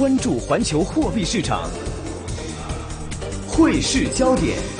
關注環球貨幣市場，匯市焦點。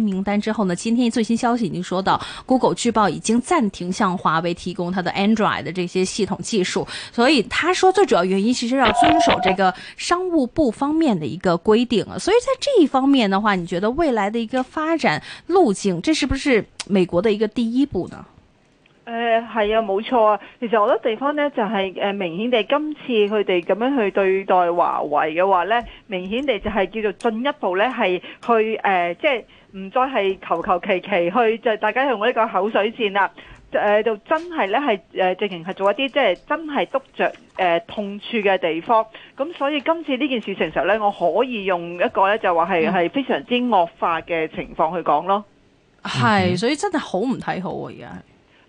名單之後呢，今天最新消息已經說到，Google 據報已經暫停向華為提供它的 Android 的這些系統技術。所以他說，最主要原因其實要遵守這個商務部方面的一個規定。所以在這一方面的話，你覺得未來的一個發展路徑，這是不是美國的一個第一步呢？呃，係啊，冇錯啊。其實好多地方呢，就係、是，誒、呃，明顯地，今次佢哋咁樣去對待華為嘅話呢，明顯地就係叫做進一步呢，係去，誒、呃，即係。唔再係求求其其去就，大家用我呢個口水戰啦，誒，就、呃、真係咧係誒，直情係做一啲即係真係督着誒、呃、痛處嘅地方。咁所以今次呢件事情嘅時候咧，我可以用一個咧就話係係非常之惡化嘅情況去講咯。係，所以真係好唔睇好啊！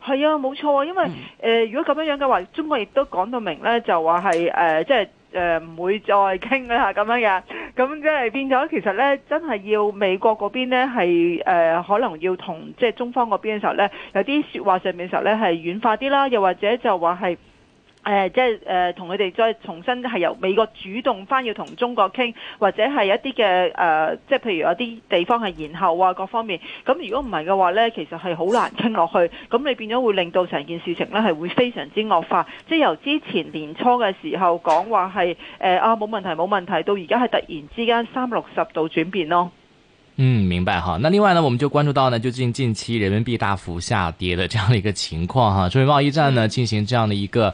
而家係啊，冇錯，因為誒、呃，如果咁樣樣嘅話，中國亦都講到明咧，就話係誒，即係。誒、呃、唔會再傾啦咁樣嘅，咁即係變咗其實咧，真係要美國嗰邊咧係誒，可能要同即係中方嗰邊嘅時候咧，有啲說話上面嘅時候咧係軟化啲啦，又或者就話係。誒、呃，即係誒、呃，同佢哋再重新係由美國主動翻要同中國傾，或者係一啲嘅誒，即係譬如有啲地方係延後啊，各方面。咁、嗯、如果唔係嘅話呢，其實係好難傾落去。咁你變咗會令到成件事情呢係會非常之惡化。即係由之前年初嘅時候講話係誒、呃、啊冇問題冇問題，到而家係突然之間三百六十度轉變咯。嗯，明白哈。那另外呢，我們就關注到呢，就近近期人民幣大幅下跌的這樣一個情況哈。中美貿易戰呢進行這樣的一個。嗯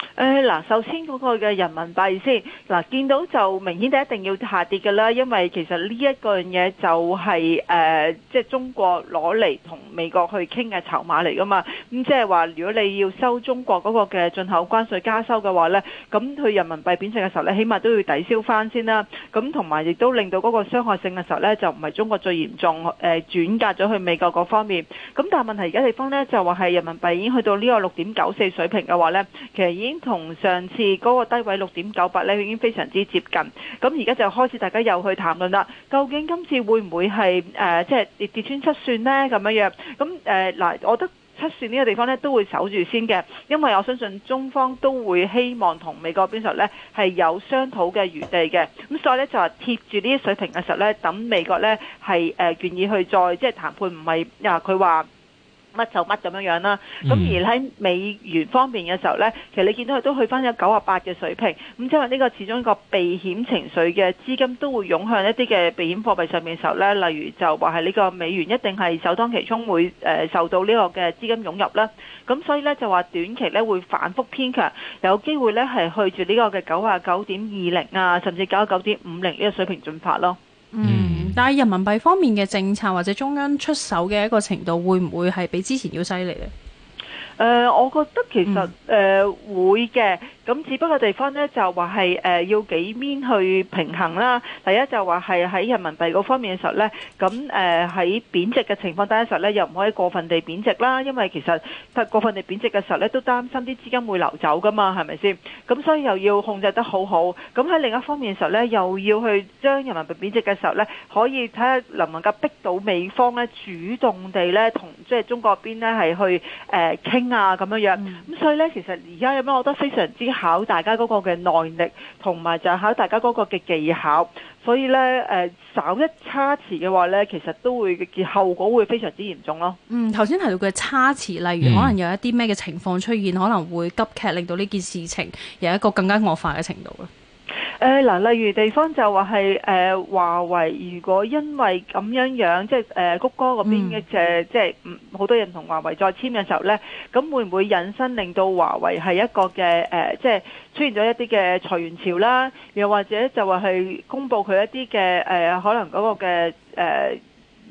誒、哎、嗱，首先嗰個嘅人民幣先嗱，見到就明顯係一定要下跌嘅啦，因為其實呢一個樣嘢就係、是、誒，即、呃、係、就是、中國攞嚟同美國去傾嘅籌碼嚟噶嘛。咁即係話，如果你要收中國嗰個嘅進口關稅加收嘅話咧，咁佢人民幣貶值嘅時候咧，起碼都要抵消翻先啦。咁同埋亦都令到嗰個傷害性嘅時候咧，就唔係中國最嚴重，誒轉嫁咗去美國嗰方面。咁但係問題而家地方咧，就話係人民幣已經去到呢個六點九四水平嘅話咧，其實已經已經同上次嗰個低位六點九八咧已經非常之接近，咁而家就開始大家又去談論啦。究竟今次會唔會係誒即係跌穿七線呢？咁樣樣？咁誒嗱，我覺得七線呢個地方咧都會守住先嘅，因為我相信中方都會希望同美國邊度咧係有商討嘅餘地嘅，咁所以咧就係貼住呢啲水平嘅時候咧，等美國咧係誒願意去再即係、即係、談判唔係，唔係啊佢話。乜就乜咁樣樣啦，咁、嗯、而喺美元方面嘅時候呢，其實你見到佢都去返咗九十八嘅水平，咁因為呢個始終一個避險情緒嘅資金都會湧向一啲嘅避險貨幣上面嘅時候呢，例如就話係呢個美元一定係首當其衝會誒受到呢個嘅資金湧入啦，咁所以呢，就話短期呢會反覆偏強，有機會呢係去住呢個嘅九十九點二零啊，甚至九十九點五零呢個水平進發咯。嗯。但係人民幣方面嘅政策或者中央出手嘅一個程度，會唔會係比之前要犀利呢、呃？我覺得其實誒、嗯呃、會嘅。咁只不過地方咧就話係、呃、要幾面去平衡啦。第一就話係喺人民幣嗰方面嘅時候咧，咁喺、呃、貶值嘅情況底下嘅時候咧，又唔可以過分地貶值啦，因為其實過分地貶值嘅時候咧，都擔心啲資金會流走噶嘛，係咪先？咁所以又要控制得好好。咁喺另一方面嘅時候咧，又要去將人民幣貶值嘅時候咧，可以睇下能唔能夠逼到美方咧主動地咧同即係中國邊咧係去傾、呃、啊咁樣樣。咁、嗯、所以咧，其實而家有咩，我覺得非常之，考大家嗰個嘅耐力，同埋就考大家嗰個嘅技巧。所以呢，誒、呃，稍一差池嘅話呢，其實都會嘅後果會非常之嚴重咯。嗯，頭先提到嘅差池，例如、嗯、可能有一啲咩嘅情況出現，可能會急劇令到呢件事情有一個更加惡化嘅程度啦。嗱、呃，例如地方就話係誒華為，如果因為咁樣樣，即係誒谷歌嗰邊嘅即係即係，嗯、mm.，好多人同華為再簽嘅時候咧，咁會唔會引申令到華為係一個嘅即係出現咗一啲嘅裁員潮啦？又或者就話係公佈佢一啲嘅、呃、可能嗰個嘅誒。呃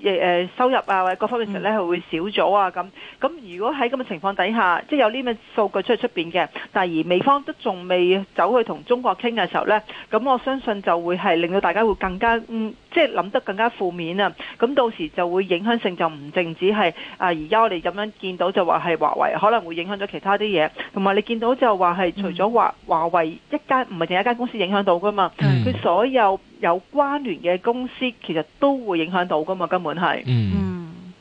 誒誒收入啊，或者各方面嘅時候咧，係會少咗啊咁。咁如果喺咁嘅情況底下，即係有呢啲數據出去出邊嘅，但而美方都仲未走去同中國傾嘅時候咧，咁我相信就會係令到大家會更加即係諗得更加負面啊。咁到時就會影響性就唔淨止係啊，而家我哋咁樣見到就話係華為可能會影響咗其他啲嘢，同埋你見到就話係除咗華華、嗯、華為一間唔係淨一間公司影響到噶嘛，佢、嗯、所有。有關聯嘅公司，其實都會影響到㗎嘛，根本係。嗯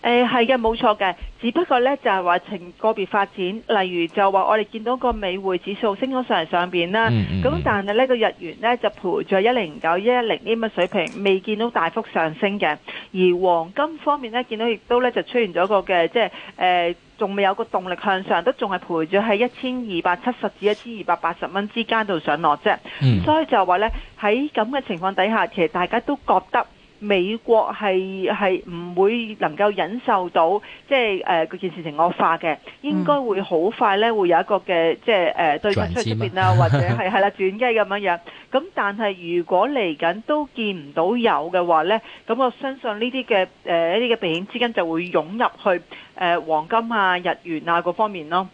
誒、呃，係嘅，冇錯嘅，只不過呢就係話情個別發展，例如就話我哋見到個美匯指數升咗上嚟上邊啦，咁、嗯、但係呢個日元呢就陪咗一零九一一零呢嘅水平，未見到大幅上升嘅。而黃金方面呢，見到亦都呢就出現咗個嘅，即係誒，仲、呃、未有個動力向上，都仲係陪咗喺一千二百七十至一千二百八十蚊之間度上落啫、嗯。所以就話呢，喺咁嘅情況底下，其實大家都覺得。美國係係唔會能夠忍受到，即係誒件事情惡化嘅、嗯，應該會好快咧會有一個嘅即係誒對沖出出邊啦，或者係係啦轉機咁樣樣。咁但係如果嚟緊都見唔到有嘅話咧，咁我相信呢啲嘅誒一啲嘅避險資金就會湧入去誒、呃、黃金啊、日元啊各方面咯。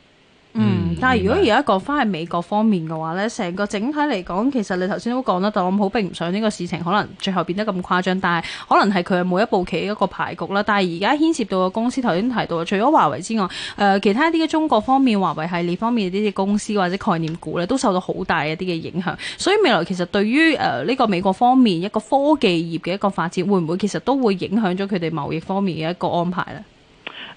但係如果而家講翻去美國方面嘅話呢，成個整體嚟講，其實你頭先都講得，特朗普並唔想呢個事情可能最後變得咁誇張。但係可能係佢每一步棋一個牌局啦。但係而家牽涉到嘅公司頭先提到，除咗華為之外，誒、呃、其他啲嘅中國方面華為系列方面呢啲公司或者概念股呢，都受到好大的一啲嘅影響。所以未來其實對於誒呢、呃這個美國方面一個科技業嘅一個發展，會唔會其實都會影響咗佢哋貿易方面嘅一個安排呢？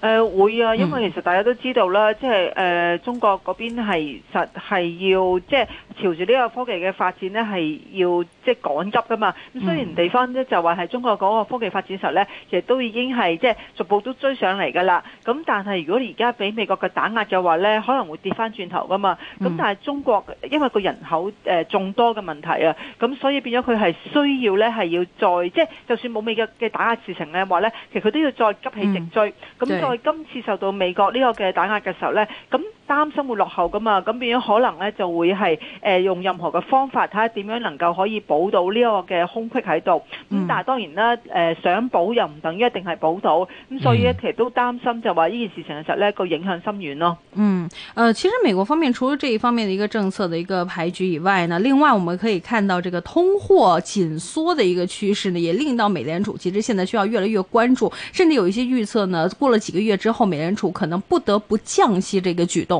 誒、呃、會啊，因為其實大家都知道啦，即係誒中國嗰邊係實係要即係、就是、朝住呢個科技嘅發展呢，係要即係、就是、趕急噶嘛。咁、嗯、雖然地方咧就話係中國嗰個科技發展實呢，其實都已經係即係逐步都追上嚟噶啦。咁但係如果而家俾美國嘅打壓嘅話呢，可能會跌返轉頭噶嘛。咁、嗯、但係中國因為個人口誒眾、呃、多嘅問題啊，咁所以變咗佢係需要呢，係要再即係、就是、就算冇美國嘅打壓事情呢話呢，其實佢都要再急起直追咁。嗯喺今次受到美國呢個嘅打壓嘅時候咧，咁。擔心會落後噶嘛，咁變咗可能咧就會係誒、呃、用任何嘅方法睇下點樣能夠可以補到呢個嘅空隙喺度。咁、嗯、但係當然啦，誒、呃、想補又唔等於一定係補到。咁、嗯、所以咧其實都擔心就話呢件事情嘅時候咧個影響深遠咯。嗯，誒、呃、其實美國方面除咗這一方面嘅一個政策嘅一個牌局以外呢，另外我們可以看到這個通貨緊縮嘅一個趨勢呢，也令到美聯儲其實現在需要越來越關注，甚至有一些預測呢，過了幾個月之後，美聯儲可能不得不降息呢個舉動。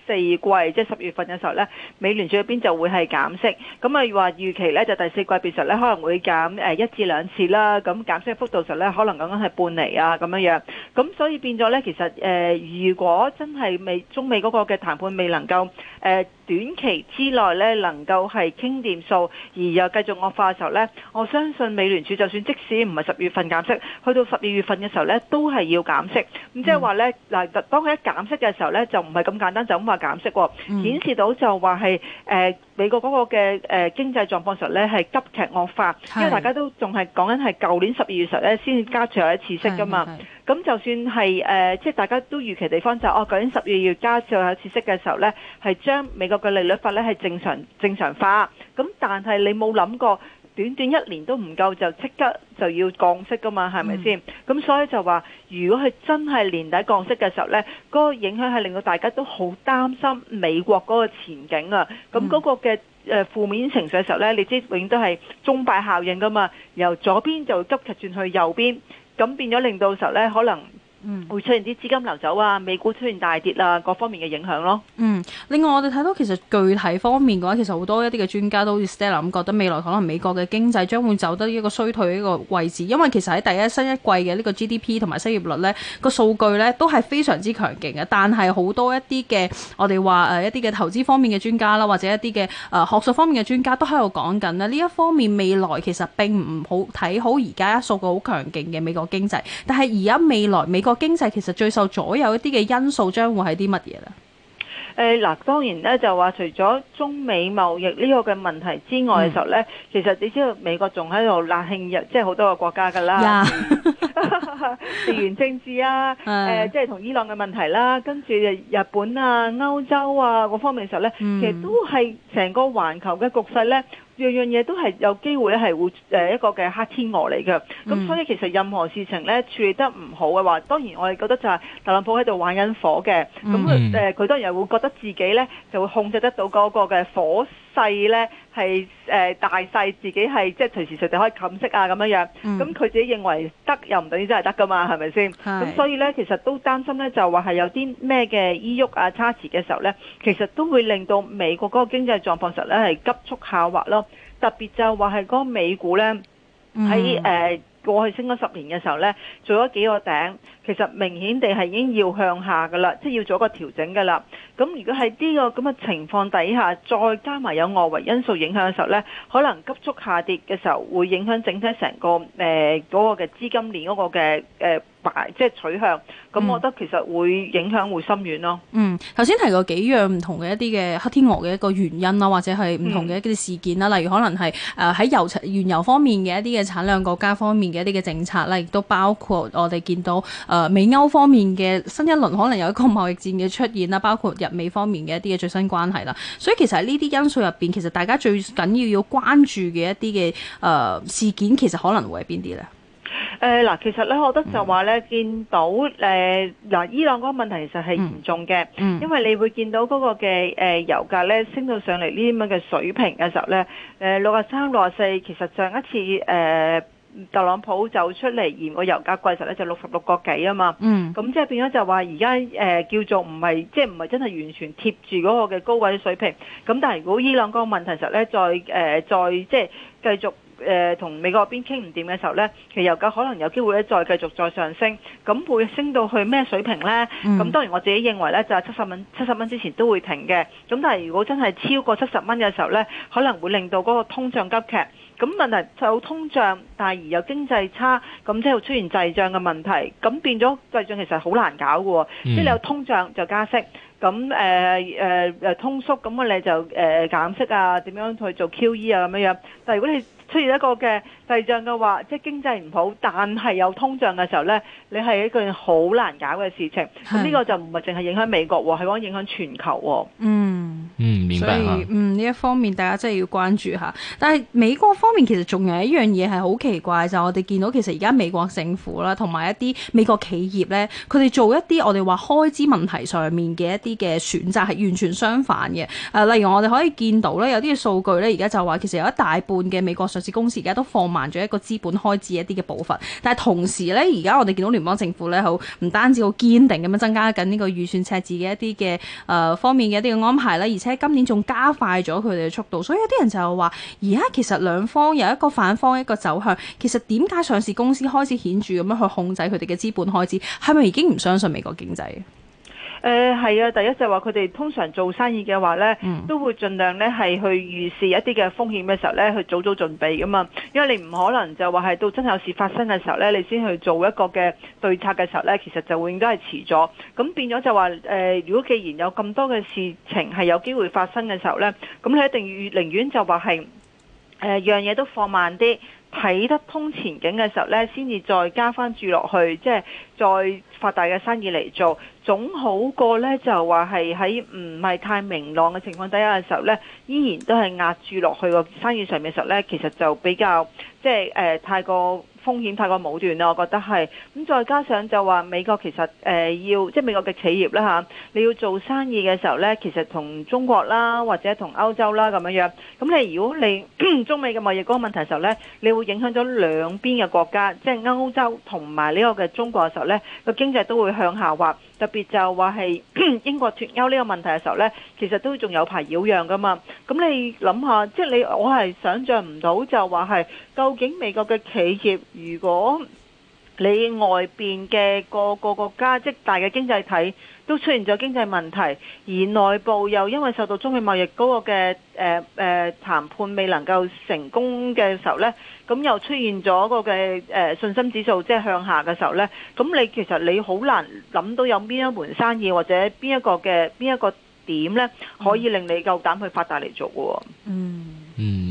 第四季，即係十月份嘅時候呢，美聯儲嗰邊就會係減息。咁啊話預期呢，就第四季變實呢可能會減誒一至兩次啦。咁減息嘅幅度實呢，可能僅僅係半厘啊咁樣樣。咁所以變咗呢，其實誒、呃、如果真係未中美嗰個嘅談判未能夠誒、呃、短期之內呢能夠係傾掂數，而又繼續惡化嘅時候呢，我相信美聯儲就算即使唔係十月份減息，去到十二月份嘅時候呢都係要減息。咁即係話呢，嗱、嗯，當佢一減息嘅時候呢，就唔係咁簡單就咁話。減息喎，顯示到就話係誒美國嗰個嘅誒、呃、經濟狀況上時咧，係急劇惡化，因為大家都仲係講緊係舊年十二月時候咧先至加最後一次息㗎嘛，咁就算係誒、呃、即係大家都預期地方就是、哦舊年十二月加最後一次息嘅時候咧，係將美國嘅利率法咧係正常正常化，咁但係你冇諗過。短短一年都唔夠就即刻就要降息噶嘛，係咪先？咁所以就話，如果佢真係年底降息嘅時候呢，嗰個影響係令到大家都好擔心美國嗰個前景啊。咁嗰個嘅誒負面情緒嘅時候呢，你知永遠都係鐘擺效應噶嘛，由左邊就急劇轉去右邊，咁變咗令到時候呢可能。嗯，會出現啲資金流走啊，美股出現大跌啊，各方面嘅影響咯。嗯，另外我哋睇到其實具體方面嘅話，其實好多一啲嘅專家都好似 s t a l d 咁，覺得未來可能美國嘅經濟將會走得一個衰退嘅一個位置，因為其實喺第一新一季嘅呢個 GDP 同埋失業率呢個數據呢，都係非常之強勁嘅，但係好多一啲嘅我哋話誒一啲嘅投資方面嘅專家啦，或者一啲嘅誒學術方面嘅專家都喺度講緊呢呢一方面未來其實並唔好睇好而家數據好強勁嘅美國經濟，但係而家未來美國。個經濟其實最受左右一啲嘅因素，將會係啲乜嘢咧？誒，嗱，當然咧就話除咗中美貿易呢個嘅問題之外嘅時候咧，其實你知道美國仲喺度冷興日，即係好多個國家噶啦，地緣政治啊，誒，即係同伊朗嘅問題啦，跟住日本啊、歐洲啊嗰方面嘅時候咧，其實都係成個環球嘅局勢咧。樣樣嘢都係有機會咧，係會誒一個嘅黑天鵝嚟嘅。咁、嗯、所以其實任何事情咧處理得唔好嘅話，當然我哋覺得就係特朗普喺度玩緊火嘅。咁誒佢當然係會覺得自己咧就會控制得到嗰個嘅火。細咧係誒大細自己係即係隨時隨地可以撳息啊，咁樣樣，咁、嗯、佢自己認為得又唔等於真係得噶嘛，係咪先？咁所以咧，其實都擔心咧，就話係有啲咩嘅醫郁啊、差池嘅時候咧，其實都會令到美國嗰個經濟狀況實咧係急速下滑咯，特別就話係嗰個美股咧喺誒。嗯在呃過去升咗十年嘅時候呢，做咗幾個頂，其實明顯地係已經要向下噶啦，即係要做一個調整噶啦。咁如果係呢個咁嘅情況底下，再加埋有外圍因素影響嘅時候呢，可能急速下跌嘅時候，會影響整體成個誒嗰個嘅資金鏈嗰個嘅誒。呃即、就、係、是、取向，咁我覺得其實會影響會深遠咯。嗯，頭先、嗯、提過幾樣唔同嘅一啲嘅黑天鵝嘅一個原因啦，或者係唔同嘅一啲事件啦，嗯，例如可能係誒喺油原油方面嘅一啲嘅產量國家方面嘅一啲嘅政策啦，亦都包括我哋見到誒、呃、美歐方面嘅新一輪可能有一個貿易戰嘅出現啦，包括日美方面嘅一啲嘅最新關係啦。所以其實喺呢啲因素入邊，其實大家最緊要要關注嘅一啲嘅誒事件，其實可能會係邊啲咧？誒、呃、嗱，其實咧，我覺得就話咧，見到誒嗱、呃呃，伊朗嗰個問題其實係嚴重嘅、嗯嗯，因為你會見到嗰個嘅誒、呃、油價咧升到上嚟呢啲咁嘅水平嘅時候咧，誒六啊三六啊四，64, 其實上一次誒、呃、特朗普走出嚟嫌個油價貴實咧就六十六個幾啊嘛，咁即係變咗就話而家誒叫做唔係即係唔係真係完全貼住嗰個嘅高位水平，咁但係如果伊朗嗰個問題實咧再誒、呃、再即係、就是、繼續。誒、呃、同美國邊傾唔掂嘅時候呢，其實油價可能有機會咧再繼續再上升，咁會升到去咩水平呢？咁、mm. 當然我自己認為呢，就係七十蚊，七十蚊之前都會停嘅。咁但係如果真係超過七十蚊嘅時候呢，可能會令到嗰個通脹急劇。咁問題就有通脹，但係而又經濟差，咁即係出現滯脹嘅問題。咁變咗滯脹其實好難搞喎，即係你有通脹就加息，咁誒、呃呃、通縮咁你就誒、呃、減息啊，點樣去做 QE 啊咁樣。但係如果你出現一個嘅滯脹嘅話，即係經濟唔好，但係有通脹嘅時候咧，你係一件好難搞嘅事情。咁呢個就唔係淨係影響美國喎，係講影響全球喎。嗯，嗯，明白。所以嗯呢一方面，大家真係要關注一下。但係美國方面其實仲有一樣嘢係好奇怪就係、是、我哋見到其實而家美國政府啦，同埋一啲美國企業咧，佢哋做一啲我哋話開支問題上面嘅一啲嘅選擇係完全相反嘅。誒、呃，例如我哋可以見到咧，有啲數據咧，而家就話其實有一大半嘅美國公司而家都放慢咗一個資本開支的一啲嘅步伐，但係同時呢，而家我哋見到聯邦政府呢，好唔單止好堅定咁樣增加緊呢個預算赤字嘅一啲嘅誒方面嘅一啲嘅安排啦，而且今年仲加快咗佢哋嘅速度，所以有啲人就話，而家其實兩方有一個反方一個走向，其實點解上市公司開始顯著咁樣去控制佢哋嘅資本開支，係咪已經唔相信美國經濟？誒、呃、係啊，第一就係話佢哋通常做生意嘅話呢、嗯，都會盡量呢係去預示一啲嘅風險嘅時候呢，去早早準備噶嘛。因為你唔可能就話係到真有事發生嘅時候呢，你先去做一個嘅對策嘅時候呢，其實就永遠都係遲咗。咁變咗就話如果既然有咁多嘅事情係有機會發生嘅時候呢，咁你一定要寧願就話係誒樣嘢都放慢啲。睇得通前景嘅時候呢先至再加翻住落去，即係再發大嘅生意嚟做，總好過呢，就話係喺唔係太明朗嘅情況底下嘅時候呢，依然都係壓住落去個生意上面嘅時候呢，其實就比較即係誒、呃、太過。風險太過武斷啦，我覺得係咁，再加上就話美國其實誒要、呃、即係美國嘅企業啦、啊、你要做生意嘅時候咧，其實同中國啦或者同歐洲啦咁樣樣，咁你如果你中美嘅貿易嗰個問題嘅時候咧，你會影響咗兩邊嘅國家，即係歐洲同埋呢個嘅中國嘅時候咧，個經濟都會向下滑。特別就話係英國脱歐呢個問題嘅時候咧，其實都仲有排擾攘㗎嘛。咁你諗下，即係你我係想象唔到就話係究竟美國嘅企業。如果你外邊嘅個個國家，即係大嘅經濟體都出現咗經濟問題，而內部又因為受到中美貿易嗰個嘅誒誒談判未能夠成功嘅時候咧，咁又出現咗嗰個嘅誒信心指數即係向下嘅時候咧，咁你其實你好難諗到有邊一門生意或者邊一個嘅邊一個點咧，可以令你夠膽去發達嚟做嘅喎。嗯。嗯。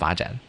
發展。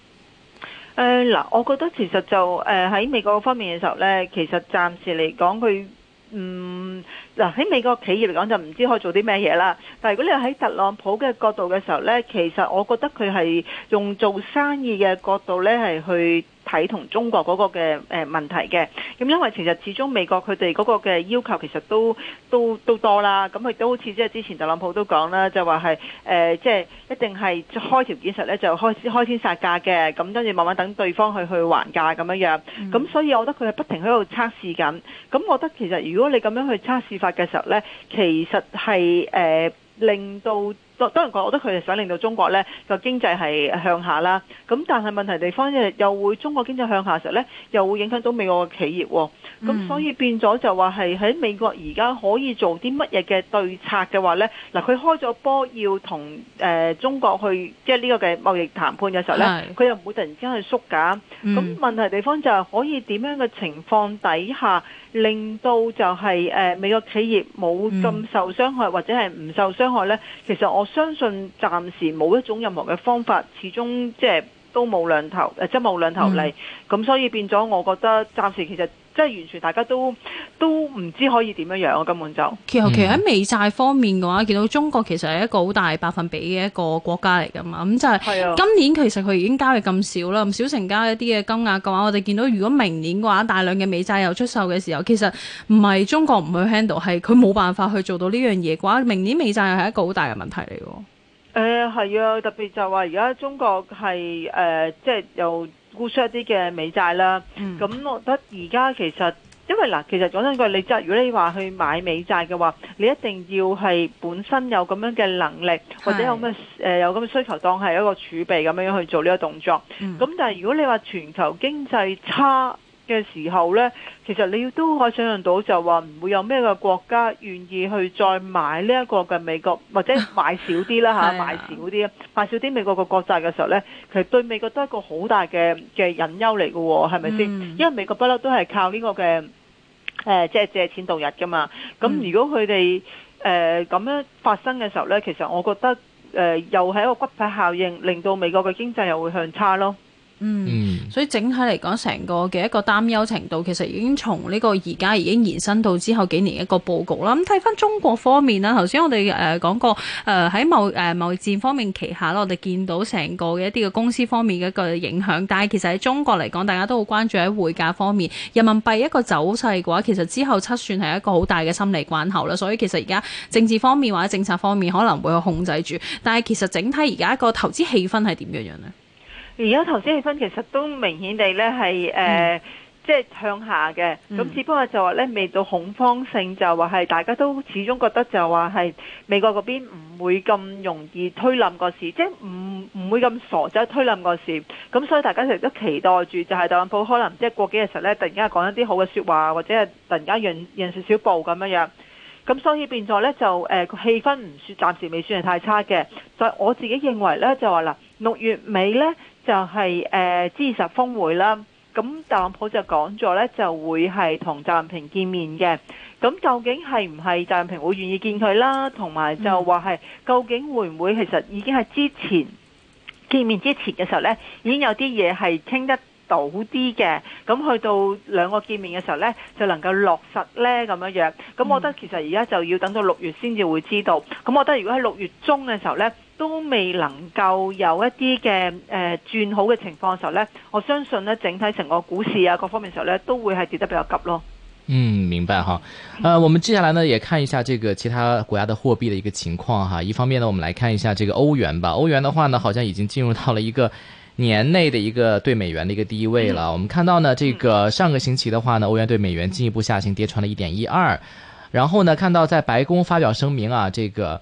誒嗱，我覺得其實就誒喺美國方面嘅時候咧，其實暫時嚟講佢嗯。喺美國企業嚟講，就唔知可以做啲咩嘢啦。但係如果你喺特朗普嘅角度嘅時候呢，其實我覺得佢係用做生意嘅角度呢，係去睇同中國嗰個嘅誒問題嘅。咁、嗯、因為其實始終美國佢哋嗰個嘅要求其實都都都多啦。咁佢都好似即係之前特朗普都講啦，就話係誒，即、呃、係、就是、一定係開條件時呢，就開天殺價嘅。咁跟住慢慢等對方去去還價咁樣樣。咁所以我覺得佢係不停喺度測試緊。咁我覺得其實如果你咁樣去測試法嘅時候咧，其實係誒令到。呃當然講，我覺得佢哋想令到中國咧個經濟係向下啦。咁但係問題地方，又會中國經濟向下嘅時候咧，又會影響到美國嘅企業。咁、嗯、所以變咗就話係喺美國而家可以做啲乜嘢嘅對策嘅話咧，嗱佢開咗波要同誒中國去即係呢個嘅貿易談判嘅時候咧，佢又唔會突然之間去縮減。咁、嗯、問題地方就係可以點樣嘅情況底下，令到就係誒美國企業冇咁受傷害、嗯、或者係唔受傷害咧？其實我。相信暫時冇一種任何嘅方法，始終即係。都冇兩頭，即係冇兩頭嚟，咁、嗯、所以變咗，我覺得暫時其實即係完全大家都都唔知可以點樣樣、啊、我根本就。尤、嗯、其喺美債方面嘅話，見到中國其實係一個好大百分比嘅一個國家嚟噶嘛，咁、嗯、就係今年其實佢已經交易咁少啦，咁少成交一啲嘅金額嘅話，我哋見到如果明年嘅話大量嘅美債又出售嘅時候，其實唔係中國唔去 handle，係佢冇辦法去做到呢樣嘢嘅話，明年美債又係一個好大嘅問題嚟嘅。誒係啊，特別就話而家中國係誒、呃，即係又沽出啲嘅美債啦。咁、嗯、我覺得而家其實，因為嗱，其實講真句，你即係如果你話去買美債嘅話，你一定要係本身有咁樣嘅能力，或者有咁嘅、呃、有咁嘅需求，當係一個儲備咁樣去做呢個動作。咁、嗯、但係如果你話全球經濟差，嘅時候呢，其實你要都可以想象到，就話唔會有咩嘅國家願意去再買呢一個嘅美國，或者買少啲啦嚇，買少啲，買少啲美國嘅國債嘅時候呢，其實對美國都係一個好大嘅嘅隱憂嚟嘅喎，係咪先？因為美國不嬲都係靠呢個嘅誒，即係借錢度日噶嘛。咁如果佢哋誒咁樣發生嘅時候呢，其實我覺得、呃、又係一個骨牌效應，令到美國嘅經濟又會向差咯。嗯，所以整體嚟講，成個嘅一個擔憂程度其實已經從呢個而家已經延伸到之後幾年一個佈局啦。咁睇翻中國方面啦，頭先我哋誒講過誒喺貿誒貿易戰方面旗下啦，我哋見到成個嘅一啲嘅公司方面嘅一個影響。但係其實喺中國嚟講，大家都好關注喺匯價方面，人民幣一個走勢嘅話，其實之後七算係一個好大嘅心理關口啦。所以其實而家政治方面或者政策方面可能會去控制住。但係其實整體而家一個投資氣氛係點樣樣呢？而家投資氣氛其實都明顯地呢係誒，即、嗯、係、呃就是、向下嘅。咁、嗯、只不過就話呢，未到恐慌性就說是，就話係大家都始終覺得就話係美國嗰邊唔會咁容易推冧個市，即係唔唔會咁傻仔、就是、推冧個市。咁所以大家亦都期待住，就係特朗普可能即係過幾日時候呢，突然間講一啲好嘅説話，或者係突然間讓讓少少步咁樣樣。咁所以變咗呢，就誒個、呃、氣氛唔算，暫時未算係太差嘅。就我自己認為呢，就話嗱。六月尾呢，就係誒 G 二十峰會啦，咁特朗普就講咗呢，就會係同習近平見面嘅。咁究竟係唔係習近平會願意見佢啦？同埋就話係究竟會唔會其實已經係之前見面之前嘅時候呢，已經有啲嘢係傾得到啲嘅。咁去到兩個見面嘅時候呢，就能夠落實呢。咁樣樣。咁我覺得其實而家就要等到六月先至會知道。咁我覺得如果喺六月中嘅時候呢，都未能夠有一啲嘅呃轉好嘅情況嘅時候呢，我相信呢，整體成個股市啊各方面嘅時候呢，都會係跌得比較急咯。嗯，明白哈。呃，我們接下來呢也看一下這個其他國家的貨幣的一個情況哈。一方面呢，我們來看一下這個歐元吧。歐元的話呢，好像已經進入到了一個年內的一個對美元的一個低位了，嗯。我們看到呢，這個上個星期的話呢，嗯、歐元對美元進一步下行，跌穿了一點一二。然後呢，看到在白宮發表聲明啊，這個。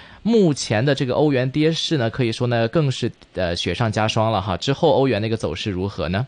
目前的這個歐元跌勢呢，可以說呢，更是誒、呃、雪上加霜了哈。之後歐元那個走勢如何呢？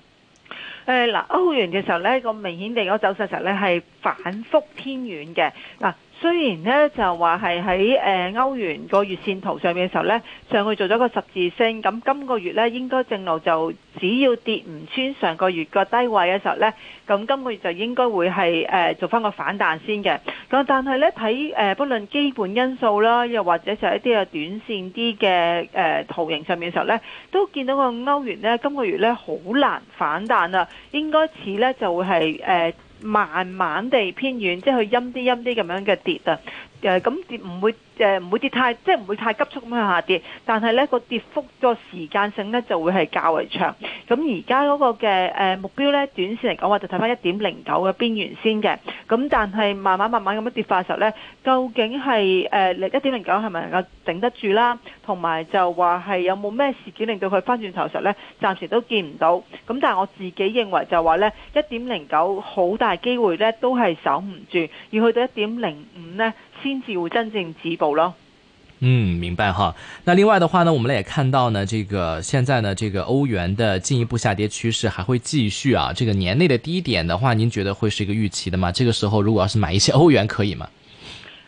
誒，嗱，歐元嘅時候呢個明顯地嗰走勢實咧係反覆偏軟嘅嗱。雖然呢就話係喺誒歐元個月線圖上面嘅時候呢上去做咗個十字星，咁今個月呢應該正路就只要跌唔穿上個月個低位嘅時候呢咁今個月就應該會係誒、呃、做翻個反彈先嘅。咁但係呢，睇誒、呃，不論基本因素啦，又或者就係一啲啊短線啲嘅誒圖形上面嘅時候呢，都見到個歐元呢，今個月呢，好難反彈啊！應該似呢，就會係誒、呃、慢慢地偏軟，即、就、係、去、陰啲陰啲咁樣嘅跌啊。誒咁跌唔會。誒、呃、唔會跌太，即係唔會太急速咁樣下跌，但係呢個跌幅個時間性呢就會係較為長。咁而家嗰個嘅誒目標呢，短線嚟講話就睇翻一點零九嘅邊緣先嘅。咁但係慢慢慢慢咁樣跌法嘅時候呢，究竟係誒一點零九係咪能夠頂得住啦？同埋就話係有冇咩事件令到佢翻轉頭實呢，暫時都見唔到。咁但係我自己認為就話呢一點零九好大機會呢都係守唔住，要去到一點零五呢。先至會真正止步咯。嗯，明白哈。那另外的話呢，我們也看到呢，這個現在呢，這個歐元的進一步下跌趨勢還會繼續啊。這個年內的低點的話，您覺得會是一個預期的嗎？這個時候如果要是買一些歐元可以嗎？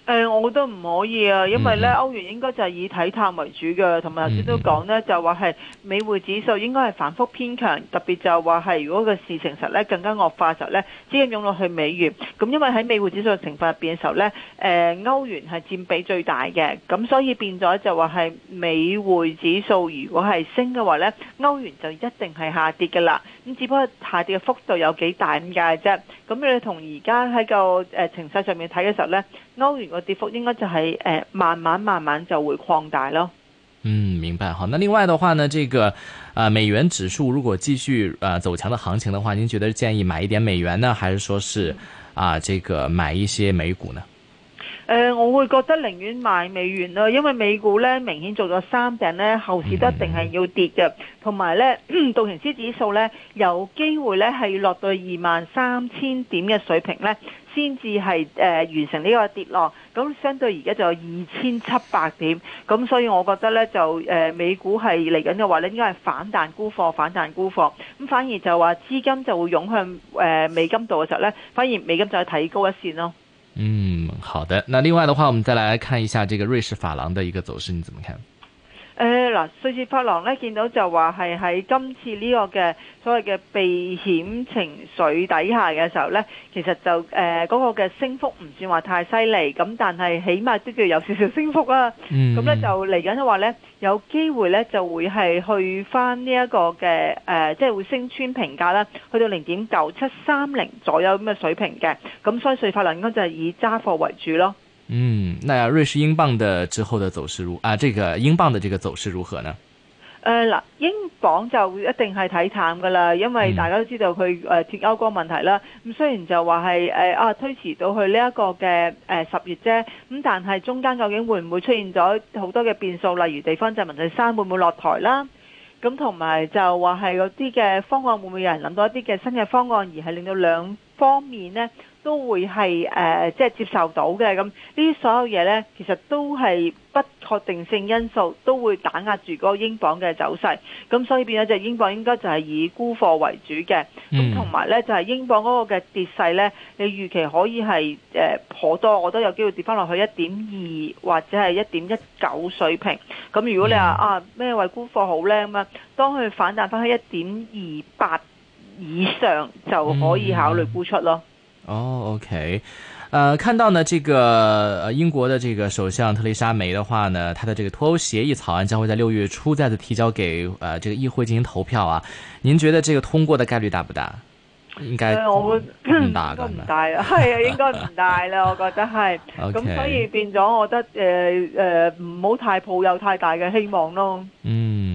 誒、呃，我覺得唔可以啊，因為咧、嗯，歐元應該就係以睇淡為主嘅，同埋頭先都講咧，就話係美匯指數應該係反復偏強，特別就話係如果個事情實咧更加惡化時候咧，資金湧落去美元，咁因為喺美匯指數嘅成分入邊嘅時候咧，誒、呃，歐元係佔比最大嘅，咁所以變咗就話係美匯指數如果係升嘅話咧，歐元就一定係下跌㗎啦，咁只不過下跌嘅幅度有幾大咁解啫，咁你同而家喺個誒情勢上面睇嘅時候咧。歐元嘅跌幅應該就係、是、誒、呃，慢慢慢慢就會擴大咯。嗯，明白好，那另外嘅話呢，這個啊、呃、美元指數如果繼續啊、呃、走強嘅行情的話，您覺得建議買一點美元呢，還是說是啊、呃、這個買一些美股呢？誒、呃，我會覺得寧願買美元啦，因為美股咧明顯做咗三頂咧，後市都一定係要跌嘅。同埋咧，道瓊斯指數咧有機會咧係要落到二萬三千點嘅水平咧。先至係誒完成呢個跌落。咁相對而家就有二千七百點，咁所以我覺得咧就誒、呃、美股係嚟緊嘅話咧，應該係反彈沽貨，反彈沽貨，咁反而就話資金就會湧向誒、呃、美金度嘅時候咧，反而美金就係提高一線咯。嗯，好的。那另外的話，我們再來看一下這個瑞士法郎嘅一個走勢，你怎麼看？誒、呃、嗱，瑞士法郎咧見到就話係喺今次呢個嘅所謂嘅避險情緒底下嘅時候咧，其實就誒嗰、呃那個嘅升幅唔算話太犀利，咁但係起碼都叫有少少升幅啦、啊。咁、嗯、咧、嗯、就嚟緊話咧，有機會咧就會係去翻呢一個嘅誒，即、呃、係、就是、會升穿評價啦，去到零點九七三零左右咁嘅水平嘅。咁所以瑞法郎應該就係以揸貨為主咯。嗯，那、啊、瑞士英鎊的之後的走勢如啊，這個英鎊的這個走勢如何呢？誒、呃、嗱，英鎊就一定係睇淡噶啦，因為大家都知道佢誒脫歐嗰個問題啦。咁、嗯、雖然就話係誒啊推遲到去呢一個嘅誒十月啫，咁但係中間究竟會唔會出現咗好多嘅變數，例如地方文翠珊會唔會落台啦？咁同埋就話係嗰啲嘅方案會唔會有人諗到一啲嘅新嘅方案，而係令到兩方面呢。都會係誒、呃，即係接受到嘅。咁呢啲所有嘢呢，其實都係不確定性因素，都會打壓住嗰個英鎊嘅走勢。咁所以變咗就英鎊應該就係以沽貨為主嘅。咁同埋呢，就係、是、英鎊嗰個嘅跌勢呢，你預期可以係誒頗多，我都有機會跌翻落去一點二或者係一點一九水平。咁如果你話啊咩為沽貨好咧咁啊，當佢反彈翻去一點二八以上，就可以考慮沽出咯。哦、oh, OK、uh, 看到呢，這個，英國的這個首相特蕾莎梅的話呢，他的這個脫歐協議草案將會在六月初再次提交給、呃，這個議會進行投票啊。您覺得這個通過的概率大不大？應該唔、呃嗯、大， 應該唔大啊，係啊，應該唔大啦，我覺得係。咁、okay. 所以變咗，我覺得誒誒，唔、呃、好、呃、太抱有太大嘅希望咯。嗯。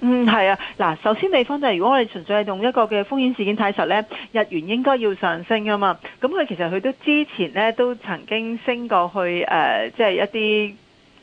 嗯，係啊，嗱，首先地方就係、是，如果我哋純粹係用一個嘅風險事件睇實呢，日元應該要上升㗎嘛。咁佢其實佢都之前呢，都曾經升過去誒，即、呃、係、就是、一啲誒、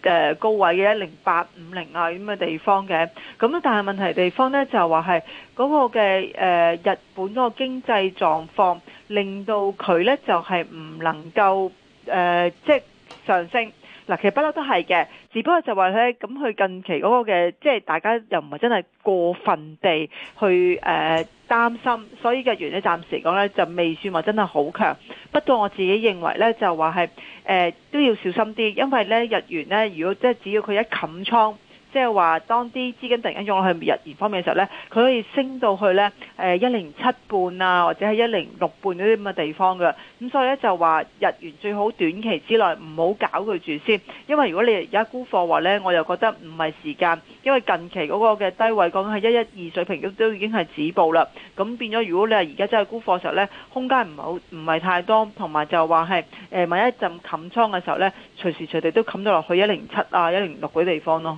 呃、高位嘅一零八五零啊咁嘅地方嘅。咁但係問題地方呢，就係話係嗰個嘅誒、呃、日本嗰個經濟狀況，令到佢呢，就係、是、唔能夠誒、呃、即上升。嗱，其實不嬲都係嘅，只不過就話咧，咁佢近期嗰個嘅，即係大家又唔係真係過分地去誒擔心，所以日元咧暫時嚟講咧就未算話真係好強。不過我自己認為咧就話係誒都要小心啲，因為咧日元咧如果即係只要佢一冚倉。即係話，當啲資金突然間用落去日元方面嘅時候咧，佢可以升到去咧，誒一零七半啊，或者係一零六半嗰啲咁嘅地方㗎。咁所以咧就話日元最好短期之內唔好搞佢住先，因為如果你而家沽貨話咧，我又覺得唔係時間，因為近期嗰個嘅低位講緊係一一二水平都已經係止步啦。咁變咗如果你係而家真係沽貨時候咧，空間唔係好唔係太多，同埋就話係誒萬一陣冚倉嘅時候咧，隨時隨地都冚到落去一零七啊、一零六嗰啲地方咯。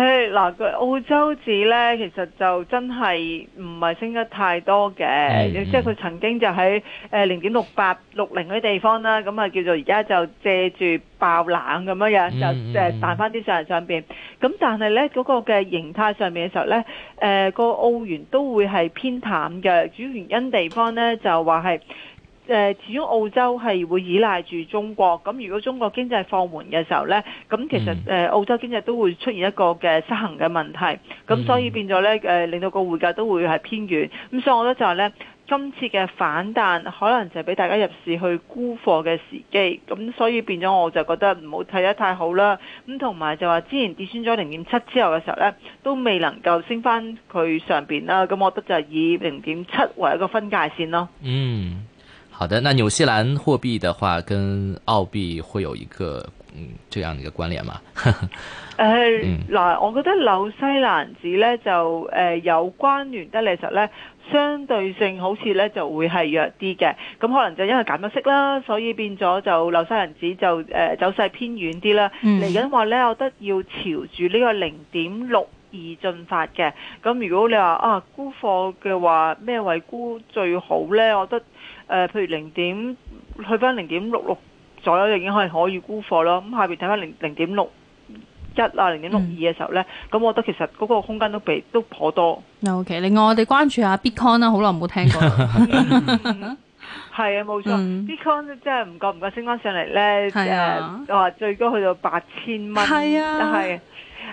嗱、哎，澳洲紙咧，其實就真係唔係升得太多嘅，嗯，即係佢曾經就喺誒零點六八六零嗰啲地方啦，咁啊叫做而家就借住爆冷咁樣樣，嗯，就誒彈翻啲上上邊。咁，嗯嗯、但係咧嗰個嘅形態上面嘅時候咧，誒、呃嗰個澳元都會係偏淡嘅，主要原因地方咧就話係。誒，始終澳洲係會依賴住中國，咁如果中國經濟放緩嘅時候呢，咁其實誒澳洲經濟都會出現一個嘅失衡嘅問題，咁、嗯、所以變咗呢，令到個匯價都會係偏軟，咁所以我覺得就係呢，今次嘅反彈可能就係俾大家入市去沽貨嘅時機，咁所以變咗我就覺得唔好睇得太好啦，咁同埋就話之前跌穿咗零點七之後嘅時候呢，都未能夠升翻佢上面啦，咁我覺得就以零點七為一個分界線咯。嗯。好的，那紐西蘭貨幣的話，跟澳幣會有一個嗯這樣的一個關聯嗎？誒、 呃，嗱、嗯，我覺得紐西蘭紙咧就誒、呃、有關聯得嚟實咧，相對性好似咧就會係弱啲嘅，咁可能就因為減咗息啦，所以變咗就紐西蘭紙就誒、呃、走勢偏遠啲啦。嚟、嗯、緊話咧，我覺得要朝住呢個零點六。二進法嘅，咁如果你啊話啊沽貨嘅話咩位沽最好呢？我覺得、呃、譬如零點去翻零點六六左右就已經係可以沽貨咯。咁下邊睇翻零零點六一啊，零點六二嘅時候呢，咁我覺得其實嗰個空間都比都頗多。OK，另外我哋關注一下 Bitcoin 啦、啊，好耐冇聽過。係、 嗯嗯、啊，冇錯、嗯，Bitcoin 即係唔覺唔覺升翻上嚟呢？誒話、啊呃、最高去到八千蚊，係、啊。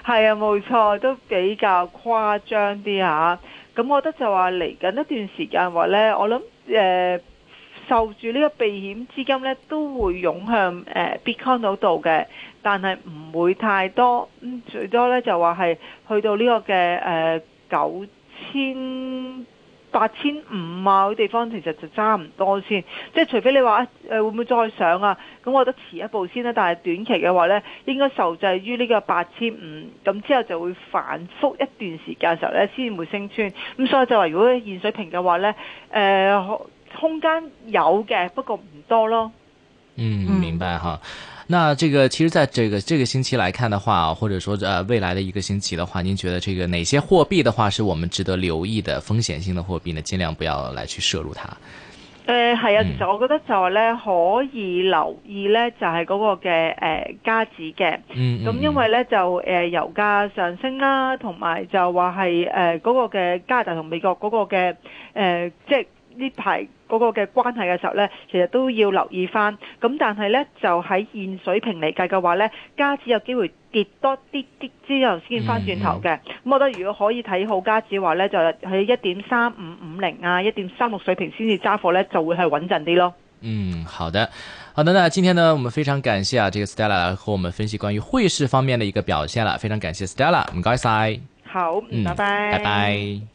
係啊，冇錯，都比較誇張啲嚇。咁、啊、我覺得就話嚟緊一段時間話呢，我諗誒、呃、受住呢個避險資金呢都會湧向、呃、Bitcoin 嗰度嘅，但係唔會太多。最多呢就話係去到呢個嘅誒九千。呃八千五啊，啲地方其實就差唔多先，即係除非你話啊，誒會唔會再上啊？咁我覺得遲一步先啦。但係短期嘅話呢，應該受制於呢個八千五，咁之後就會反覆一段時間嘅時候呢，先會升穿。咁所以就話如果現水平嘅話呢，誒、呃、空間有嘅，不過唔多咯。嗯，嗯，明白嚇。那這個其實在這個這個星期來看的話，或者說，呃，未來的一個星期的話，您覺得這個哪些貨幣的話是我們值得留意的風險性的貨幣呢？盡量不要來去攝入它。呃係啊、嗯，我覺得就係呢可以留意呢就係、是、嗰個嘅誒、呃、加指嘅，嗯，咁、嗯、因為呢就誒、呃、油價上升啦、啊，同埋就話係誒嗰個嘅加拿大同美國嗰個嘅誒、呃、即。呢排嗰個嘅關係嘅時候呢，其實都要留意翻。咁但係呢，就喺現水平嚟計嘅話呢，加子有機會跌多啲啲之後先翻轉頭嘅。咁我覺得如果可以睇好加子嘅話呢，就喺一點三五五零啊、一點三六水平先至揸貨呢，就會係穩陣啲咯。嗯，好的，好的。那今天呢，我們非常感謝啊，這個 Stella 來和我們分析關於匯市方面嘅一個表現啦。非常感謝 Stella，唔該曬。好，拜拜，嗯，拜拜，拜拜。